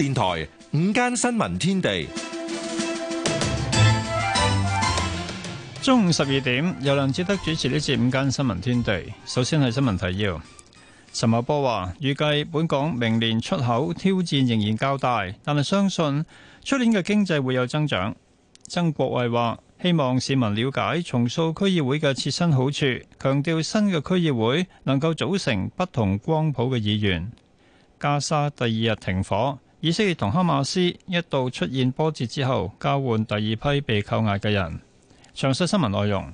電台午間新聞天地，中午十二點，有梁志德主持呢節午間新聞天地。首先係新聞提要。陳茂波話，預計本港明年出口挑戰仍然較大，但係相信出年嘅經濟會有增長。曾國衛話，希望市民了解重塑區議會嘅切身好處，強調新嘅區議會能夠組成不同光譜嘅議員。加沙第二日停火。以色列同哈馬斯一度出現波折之後，交換第二批被扣押嘅人。詳細新聞內容，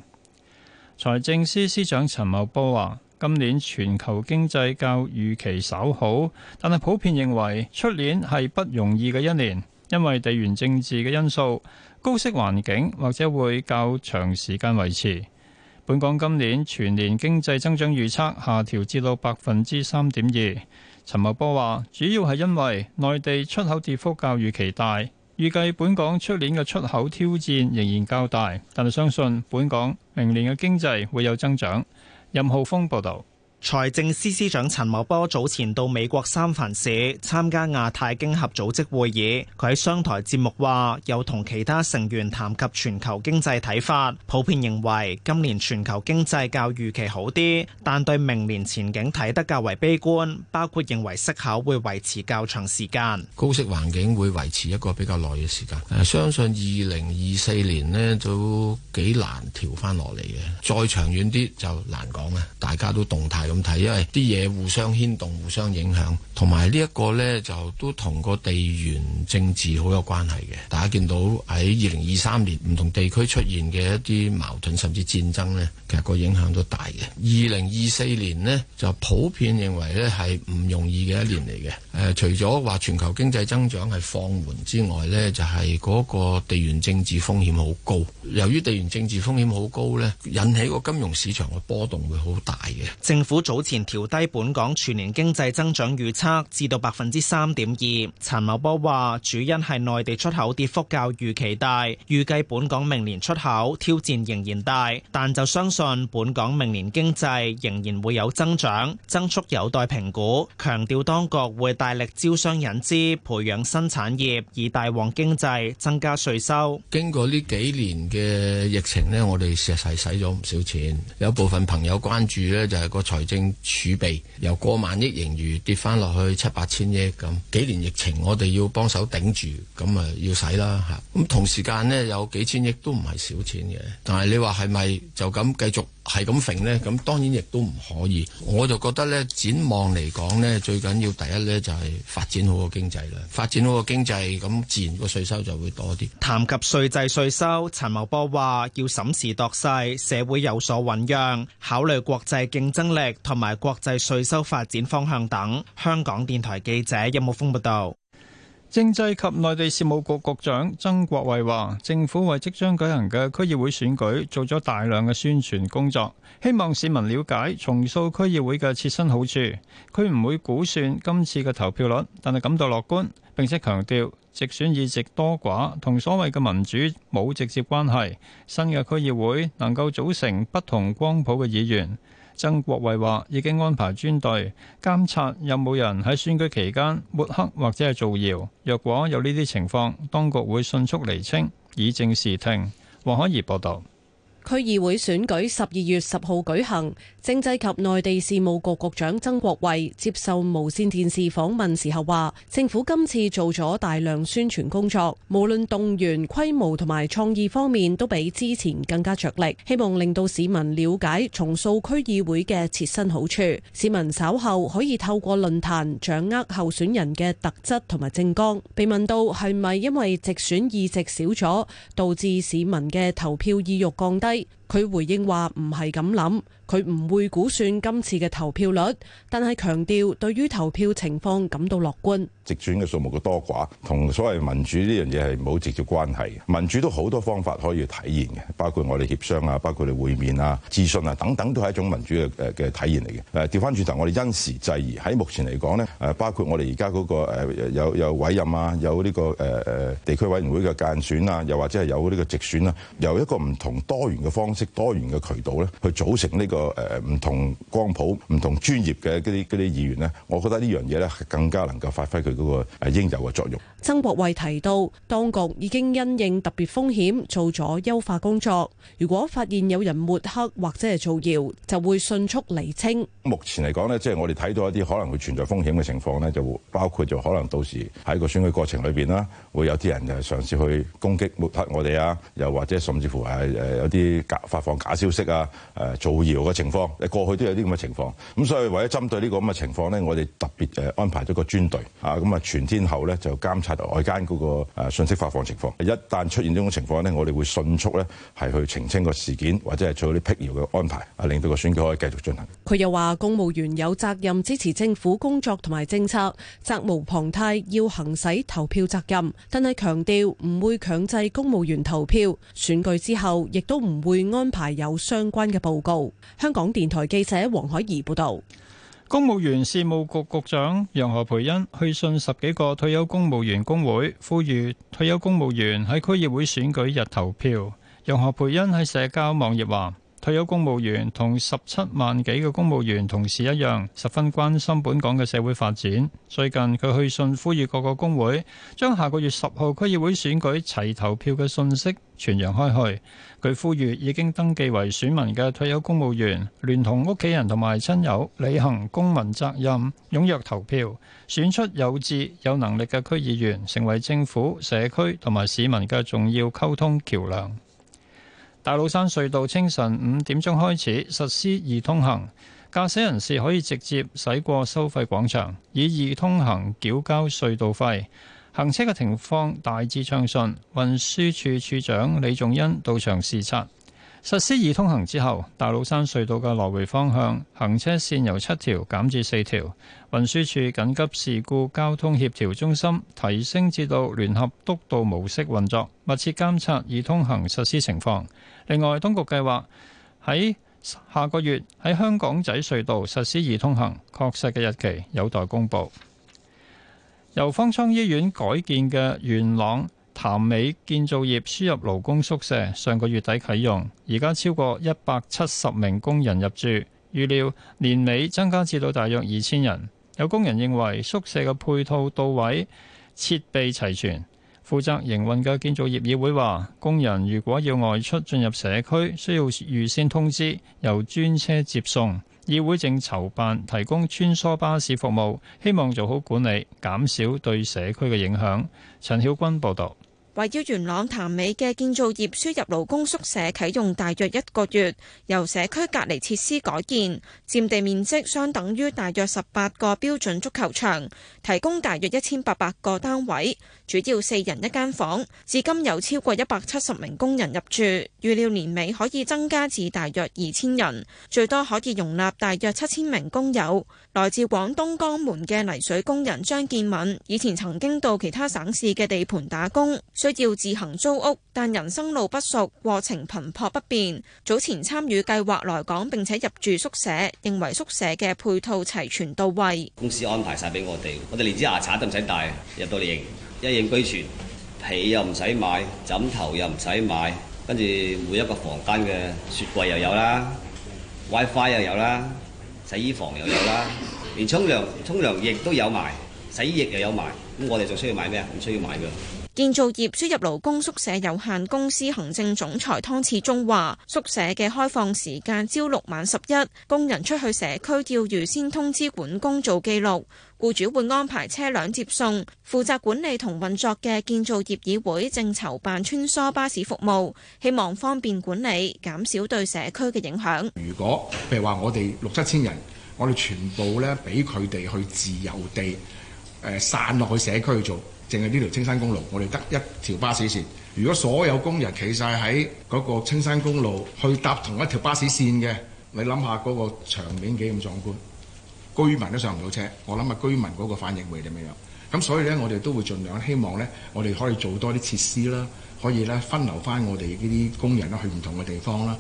財政司司長陳茂波話：今年全球經濟較預期稍好，但係普遍認為出年係不容易嘅一年，因為地緣政治嘅因素，高息環境或者會較長時間維持。本港今年全年經濟增長預測下調至到百分之三點二。陳茂波話：主要係因為內地出口跌幅較預期大，預計本港出年嘅出口挑戰仍然較大，但係相信本港明年嘅經濟會有增長。任浩峰報道。財政司司長陳茂波早前到美國三藩市參加亞太經合組織會議，佢喺商台節目話，又同其他成員談及全球經濟睇法，普遍認為今年全球經濟較預期好啲，但對明年前景睇得較為悲觀，包括認為息口會維持較長時間，高息環境會維持一個比較耐嘅時間，相信二零二四年呢，就幾難調返落嚟嘅，再長遠啲就難講啦，大家都動態。問題，因為啲嘢互相牽動，互相影響。同埋呢一個呢，就都同個地緣政治好有關係嘅。大家見到喺二零二三年唔同地區出現嘅一啲矛盾，甚至戰爭呢，其實個影響都大嘅。二零二四年呢，就普遍認為呢係唔容易嘅一年嚟嘅。呃，除咗話全球經濟增長係放緩之外呢，就係嗰個地緣政治風險好高。由於地緣政治風險好高呢，引起個金融市場嘅波動會好大嘅。政府早前調低本港全年經濟增長預測，至到百分之三點二，陳茂波話主因係內地出口跌幅較預期大，預計本港明年出口挑戰仍然大，但就相信本港明年經濟仍然會有增長，增速有待評估。強調當局會大力招商引資，培養新產業以帶旺經濟，增加稅收。經過呢幾年嘅疫情咧，我哋實係使咗唔少錢，有部分朋友關注咧，就係個財政儲備由過萬億盈餘跌翻落去七八千億咁，幾年疫情我哋要幫手頂住，咁啊要使啦吓。咁同時間咧有幾千億都唔係少錢嘅，但係你話係咪就咁繼續？係咁揈呢，咁當然亦都唔可以。我就覺得咧，展望嚟講呢，最緊要第一咧就係發展好個經濟啦。發展好個經濟，咁自然個稅收就會多啲。談及稅制、稅收，陳茂波話要審時度勢，社會有所醖釀，考慮國際競爭力同埋國際稅收發展方向等。香港電台記者有木峯報道。政制及內地事務局局長曾國衛話，政府為即將舉行嘅區議會選舉做咗大量嘅宣傳工作，希望市民了解重塑區議會嘅切身好處。佢唔會估算今次嘅投票率，但係感到樂觀。並且強調，直選議席多寡同所謂嘅民主冇直接關係。新嘅區議會能夠組成不同光譜嘅議員。曾國衛話：已經安排專隊監察，有冇人喺選舉期間抹黑或者係造謠。若果有呢啲情況，當局會迅速釐清，以正視聽。黃海怡報道。區議會選舉十二月十號舉行，政制及內地事務局局長曾國衛接受無綫電視訪問時候話：政府今次做咗大量宣傳工作，無論動員規模同埋創意方面都比之前更加着力，希望令到市民了解重塑區議會嘅切身好處。市民稍後可以透過論壇掌握候選人嘅特質同埋政綱。被問到係咪因為直選議席少咗，導致市民嘅投票意欲降低？佢回應話：唔係咁諗。佢唔會估算今次嘅投票率，但係強調對於投票情況感到樂觀。直選嘅數目嘅多寡，同所謂民主呢樣嘢係冇直接關係嘅。民主都好多方法可以體現嘅，包括我哋協商啊，包括你會面啊、諮詢啊等等，都係一種民主嘅誒嘅體現嚟嘅。誒調翻轉頭，我哋因時制宜，喺目前嚟講咧，誒、啊、包括我哋而家嗰個、呃、有有委任啊，有呢、這個誒誒、呃、地區委員會嘅間選啊，又或者係有呢個直選啦、啊，由一個唔同多元嘅方式、多元嘅渠道咧，去組成呢、這個。誒唔同光譜、唔同專業嘅嗰啲嗰啲議員呢，我覺得呢樣嘢呢，更加能夠發揮佢嗰個誒應有嘅作用。曾國衛提到，當局已經因應特別風險做咗優化工作。如果發現有人抹黑或者係造謠，就會迅速釐清。目前嚟講呢，即係我哋睇到一啲可能會存在風險嘅情況呢，就包括就可能到時喺個選舉過程裏邊啦，會有啲人就嘗試去攻擊抹黑我哋啊，又或者甚至乎係誒有啲假發放假消息啊誒造謠。個情況，誒過去都有啲咁嘅情況，咁所以為咗針對呢個咁嘅情況呢，我哋特別誒安排咗個專隊，啊咁啊全天候呢，就監察外間嗰個誒信息發放情況。一旦出現呢種情況呢，我哋會迅速呢，係去澄清個事件，或者係做啲辟謠嘅安排，啊令到個選舉可以繼續進行。佢又話：公務員有責任支持政府工作同埋政策，責無旁貸要行使投票責任，但係強調唔會強制公務員投票。選舉之後亦都唔會安排有相關嘅報告。香港電台記者黃海怡報道，公務員事務局局長楊何培恩去信十幾個退休公務員工會，呼籲退休公務員喺區議會選舉日投票。楊何培恩喺社交網頁話。退休公務員同十七萬幾嘅公務員同事一樣，十分關心本港嘅社會發展。最近佢去信呼籲各個工會將下個月十號區議會選舉齊投票嘅信息，傳揚開去。佢呼籲已經登記為選民嘅退休公務員聯同屋企人同埋親友，履行公民責任，踴躍投票，選出有志有能力嘅區議員成為政府、社區同埋市民嘅重要溝通橋樑。大老山隧道清晨五點鐘開始實施易通行，駕駛人士可以直接駛過收費廣場，以易通行繳交隧道費。行車嘅情況大致暢順。運輸處處長李仲恩到場視察。實施易通行之後，大老山隧道嘅來回方向行車線由七條減至四條。運輸署緊急事故交通協調中心提升至到聯合督導模式運作，密切監察易通行實施情況。另外，當局計劃喺下個月喺香港仔隧道實施易通行，確實嘅日期有待公佈。由方艙醫院改建嘅元朗潭尾建造業輸入勞工宿舍，上個月底啟用，而家超過一百七十名工人入住，預料年尾增加至到大約二千人。有工人認為宿舍嘅配套到位，設備齊全。負責營運嘅建造業議會話工人如果要外出進入社區需要預先通知，由專車接送。議會正籌辦提供穿梭巴士服務，希望做好管理，減少對社區嘅影響。陳曉君報道。位於元朗潭尾嘅建造業輸入勞工宿舍啟用大約一個月，由社區隔離設施改建，佔地面積相等於大約十八個標準足球場，提供大約一千八百個單位，主要四人一間房。至今有超過一百七十名工人入住，預料年尾可以增加至大約二千人，最多可以容納大約七千名工友。來自廣東江門嘅泥水工人張建敏，以前曾經到其他省市嘅地盤打工。需要自行租屋，但人生路不熟，過程頻撲不便。早前參與計劃來港並且入住宿舍，認為宿舍嘅配套齊全到位。公司安排晒俾我哋，我哋連支牙刷都唔使帶，入到嚟營，一應俱全，被又唔使買枕頭又唔使買，跟住每一個房間嘅雪櫃又有啦，WiFi 又有啦，洗衣房又有啦，連沖涼沖涼液都有埋，洗衣液又有埋。咁我哋仲需要買咩啊？唔需要買㗎。建造業輸入勞工宿舍有限公司行政總裁湯次中話：宿舍嘅開放時間朝六晚十一，工人出去社區要預先通知管工做記錄，僱主會安排車輛接送。負責管理同運作嘅建造業議會正籌辦穿梭巴士服務，希望方便管理，減少對社區嘅影響。如果譬如話我哋六七千人，我哋全部呢，俾佢哋去自由地。誒散落去社區去做，淨係呢條青山公路，我哋得一條巴士線。如果所有工人企晒喺嗰個青山公路去搭同一條巴士線嘅，你諗下嗰個場面幾咁壯觀，居民都上唔到車，我諗下居民嗰個反應會點樣樣？咁所以咧，我哋都會盡量，希望咧，我哋可以做多啲設施啦，可以咧分流翻我哋呢啲工人啦，去唔同嘅地方啦。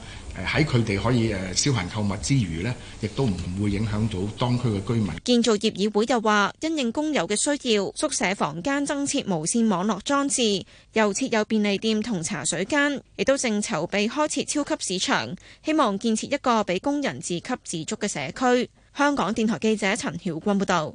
誒喺佢哋可以誒消閒購物之餘咧，亦都唔會影響到當區嘅居民。建造業議會又話，因應工友嘅需要，宿舍房間增設無線網絡裝置，又設有便利店同茶水間，亦都正籌備開設超級市場，希望建設一個俾工人自給自足嘅社區。香港電台記者陳曉君報道。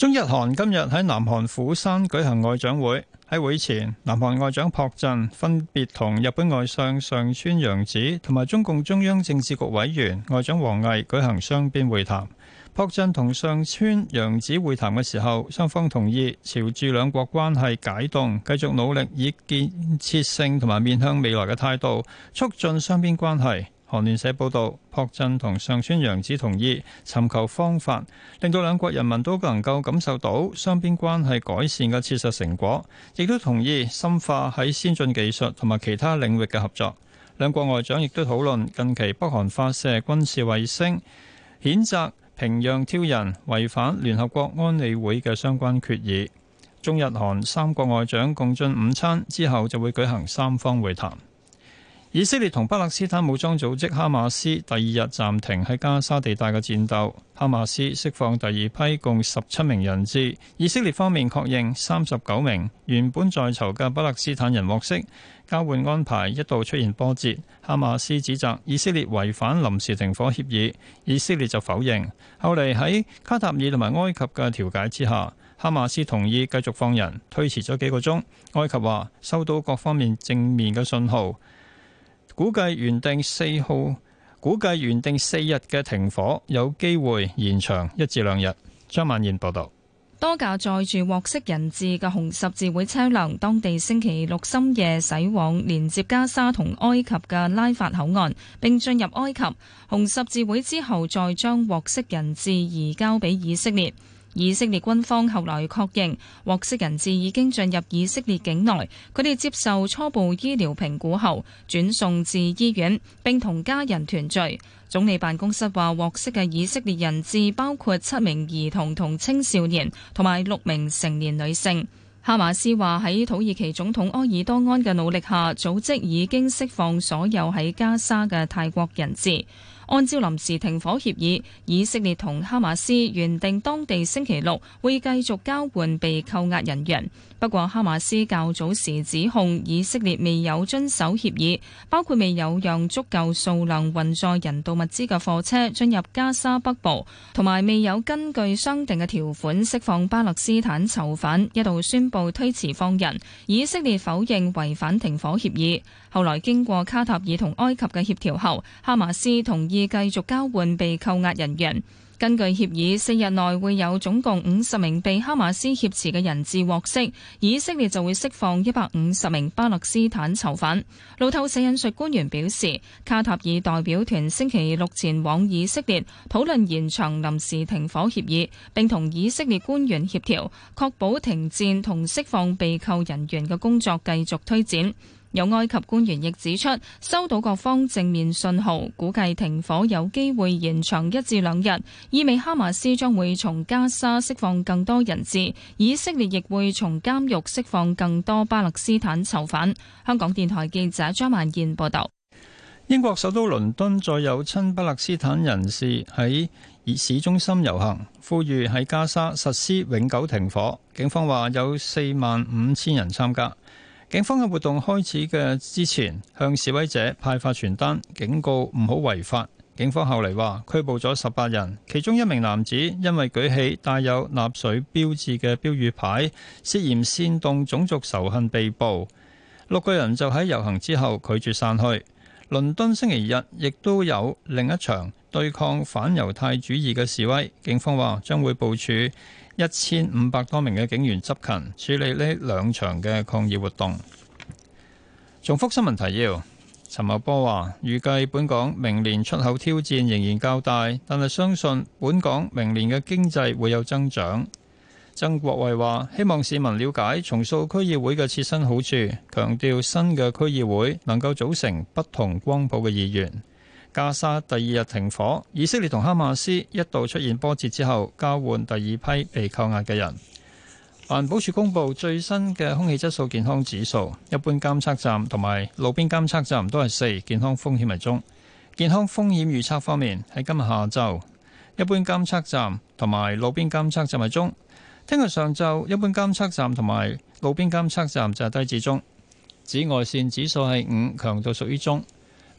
中日韓今日喺南韓釜山舉行外長會。喺會前，南韓外長朴振分別同日本外相上川陽子同埋中共中央政治局委員外長王毅舉行雙邊會談。朴振同上川陽子會談嘅時候，雙方同意朝住兩國關係解凍，繼續努力以建設性同埋面向未來嘅態度，促進雙邊關係。韓聯社報導，朴振同上川陽子同意尋求方法，令到兩國人民都能夠感受到雙邊關係改善嘅切實成果，亦都同意深化喺先進技術同埋其他領域嘅合作。兩國外長亦都討論近期北韓發射軍事衛星，譴責平壤挑人違反聯合國安理會嘅相關決議。中日韓三國外長共進午餐之後，就會舉行三方會談。以色列同巴勒斯坦武裝組織哈馬斯第二日暫停喺加沙地帶嘅戰鬥。哈馬斯釋放第二批共十七名人質，以色列方面確認三十九名原本在囚嘅巴勒斯坦人獲釋。交換安排一度出現波折，哈馬斯指責以色列違反臨時停火協議，以色列就否認。後嚟喺卡塔爾同埋埃及嘅調解之下，哈馬斯同意繼續放人，推遲咗幾個鐘。埃及話收到各方面正面嘅信號。估計原定四號，估計原定四日嘅停火有機會延長一至兩日。張曼燕報道，多架載住獲釋人質嘅紅十字會車輛，當地星期六深夜駛往連接加沙同埃及嘅拉法口岸，並進入埃及，紅十字會之後再將獲釋人質移交俾以色列。以色列軍方後來確認，獲釋人質已經進入以色列境內。佢哋接受初步醫療評估後，轉送至醫院並同家人團聚。總理辦公室話，獲釋嘅以色列人質包括七名兒童同青少年，同埋六名成年女性。哈馬斯話喺土耳其總統埃爾多安嘅努力下，組織已經釋放所有喺加沙嘅泰國人質。按照臨時停火協議，以色列同哈馬斯原定當地星期六會繼續交換被扣押人員。不過哈馬斯較早時指控以色列未有遵守協議，包括未有讓足夠數量運載人道物資嘅貨車進入加沙北部，同埋未有根據商定嘅條款釋放巴勒斯坦囚犯，一度宣布推遲放人。以色列否認違反停火協議。後來經過卡塔爾同埃及嘅協調後，哈馬斯同意繼續交換被扣押人員。根據協議，四日內會有總共五十名被哈馬斯挾持嘅人質獲釋，以色列就會釋放一百五十名巴勒斯坦囚犯。路透社引述官員表示，卡塔爾代表團星期六前往以色列，討論延長臨時停火協議，並同以色列官員協調，確保停戰同釋放被扣人員嘅工作繼續推展。有埃及官員亦指出，收到各方正面信號，估計停火有機會延長一至兩日，意味哈馬斯將會從加沙釋放更多人質，以色列亦會從監獄釋放更多巴勒斯坦囚犯。香港電台記者張萬健報道。英國首都倫敦再有親巴勒斯坦人士喺市中心遊行，呼籲喺加沙實施永久停火。警方話有四萬五千人參加。警方嘅活動開始嘅之前，向示威者派發傳單，警告唔好違法。警方後嚟話拘捕咗十八人，其中一名男子因為舉起帶有納粹標誌嘅標語牌，涉嫌煽動種族仇恨被捕。六個人就喺遊行之後拒絕散去。倫敦星期日亦都有另一場對抗反猶太主義嘅示威，警方話將會部署。一千五百多名嘅警員執勤，處理呢兩場嘅抗議活動。重複新聞提要：陳茂波話，預計本港明年出口挑戰仍然較大，但係相信本港明年嘅經濟會有增長。曾國衛話，希望市民了解重塑區議會嘅切身好處，強調新嘅區議會能夠組成不同光譜嘅議員。加沙第二日停火，以色列同哈馬斯一度出現波折之後，交換第二批被扣押嘅人。環保署公布最新嘅空氣質素健康指數，一般監測站同埋路邊監測站都係四，健康風險係中。健康風險預測方面，喺今日下晝，一般監測站同埋路邊監測站係中；聽日上晝，一般監測站同埋路邊監測站就係低至中。紫外線指數係五，強度屬於中。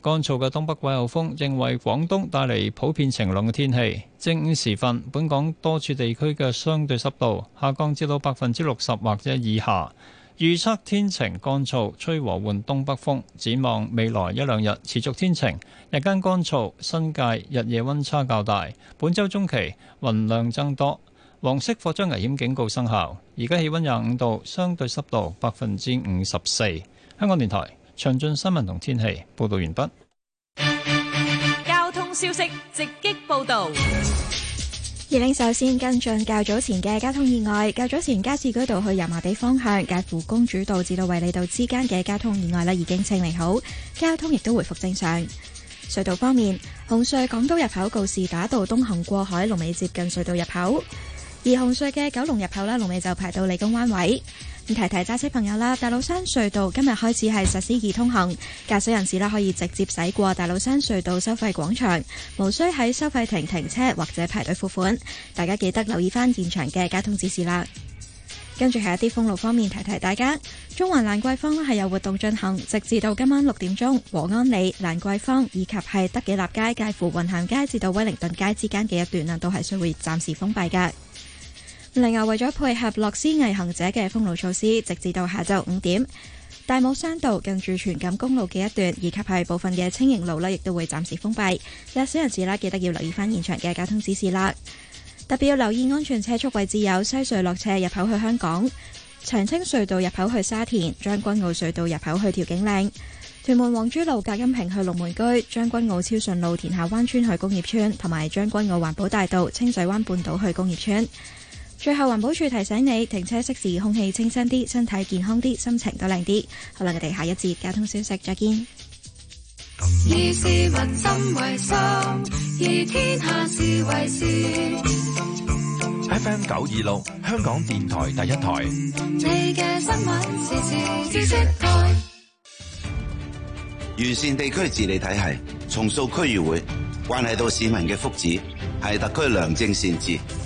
乾燥嘅東北季候風仍為廣東帶嚟普遍晴朗嘅天氣。正午時分，本港多處地區嘅相對濕度下降至到百分之六十或者以下。預測天晴乾燥，吹和緩東北風。展望未來一兩日持續天晴，日間乾燥，新界日夜温差較大。本周中期雲量增多，黃色火災危險警告生效。而家氣温廿五度，相對濕度百分之五十四。香港電台。詳盡新聞同天氣報道完畢。交通消息直擊報道。而令首先跟進較早前嘅交通意外，較早前加士居道去油麻地方向介乎公主道至到衛理道之間嘅交通意外咧，已經清理好，交通亦都回復正常。隧道方面，紅隧港島入口告士打道東行過海，龍尾接近隧道入口；而紅隧嘅九龍入口啦，龍尾就排到理工彎位。提提揸車朋友啦，大老山隧道今日開始係實施易通行，駕駛人士可以直接駛過大老山隧道收費廣場，無需喺收費亭停，停車或者排隊付款。大家記得留意翻現場嘅交通指示啦。跟住係一啲封路方面，提提大家，中環蘭桂坊啦係有活動進行，直至到今晚六點鐘，和安里、蘭桂坊以及係德己立街介乎雲咸街至到威靈頓街之間嘅一段啊，都係會暫時封閉嘅。另外，為咗配合樂施毅行者嘅封路措施，直至到下晝五點，大帽山道近住荃錦公路嘅一段，以及係部分嘅清營路呢，亦都會暫時封閉。駕駛人士啦，記得要留意翻現場嘅交通指示啦，特別要留意安全車速位置有西隧落車入口去香港長青隧道入口去沙田，將軍澳隧道入口去調景嶺、屯門黃珠路隔音屏去龍門居，將軍澳超順路田下灣村去工業村，同埋將軍澳環保大道清水灣半島去工業村。最後，環保處提醒你，停車適時，空氣清新啲，身體健康啲，心情都靚啲。好啦，我哋下一節交通消息，再見。以市民心為心，以天下事為事。FM 九二六， 26，香港電台第一台。 你嘅新聞時事知識台 完善地區治理體系，重塑區議會，關係到市民嘅福祉，係特區良政善治。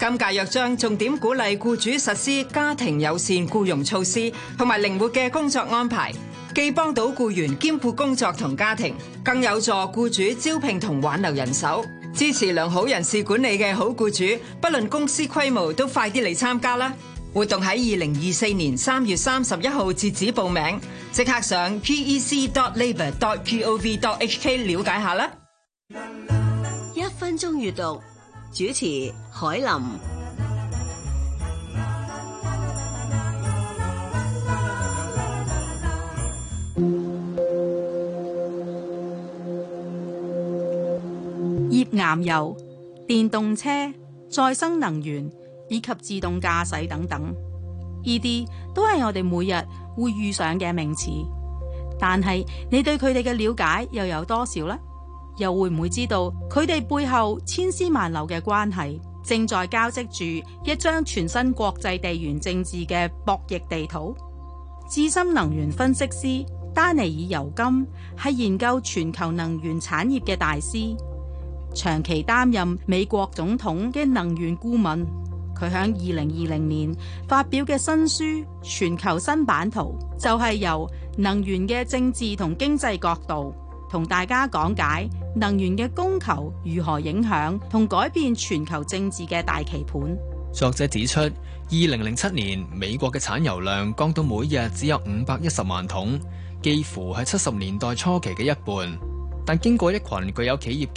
今屆約章重點鼓勵僱主實施家庭友善僱傭措施同埋靈活嘅工作安排，既幫到僱員兼顧工作同家庭，更有助僱主招聘同挽留人手。支持良好人事管理嘅好僱主，不論公司規模，都快啲嚟參加啦！活動喺二零二四年三月三十一號截止報名，即刻上 pec.labor.gov.hk 瞭解下啦！一分鐘閱讀。主持海林，頁岩油、電動車、再生能源以及自動駕駛等等,呢啲都係我哋每日會遇上嘅名詞。但係你對佢哋嘅了解又有多少呢？又會唔會知道佢哋背後千絲萬縷嘅關係，正在交織住一張全新國際地緣政治嘅博弈地圖？資深能源分析師丹尼爾尤金係研究全球能源產業嘅大師，長期擔任美國總統嘅能源顧問。佢喺二零二零年發表嘅新書《全球新版圖》，就係由能源嘅政治同經濟角度。同大家講解能源嘅供求如何影響同改變全球政治嘅大棋盤。作者指出，二零零七年美國嘅產油量降到每日只有五百一十萬桶，幾乎係七十年代初期嘅一半。但經過一群具有企業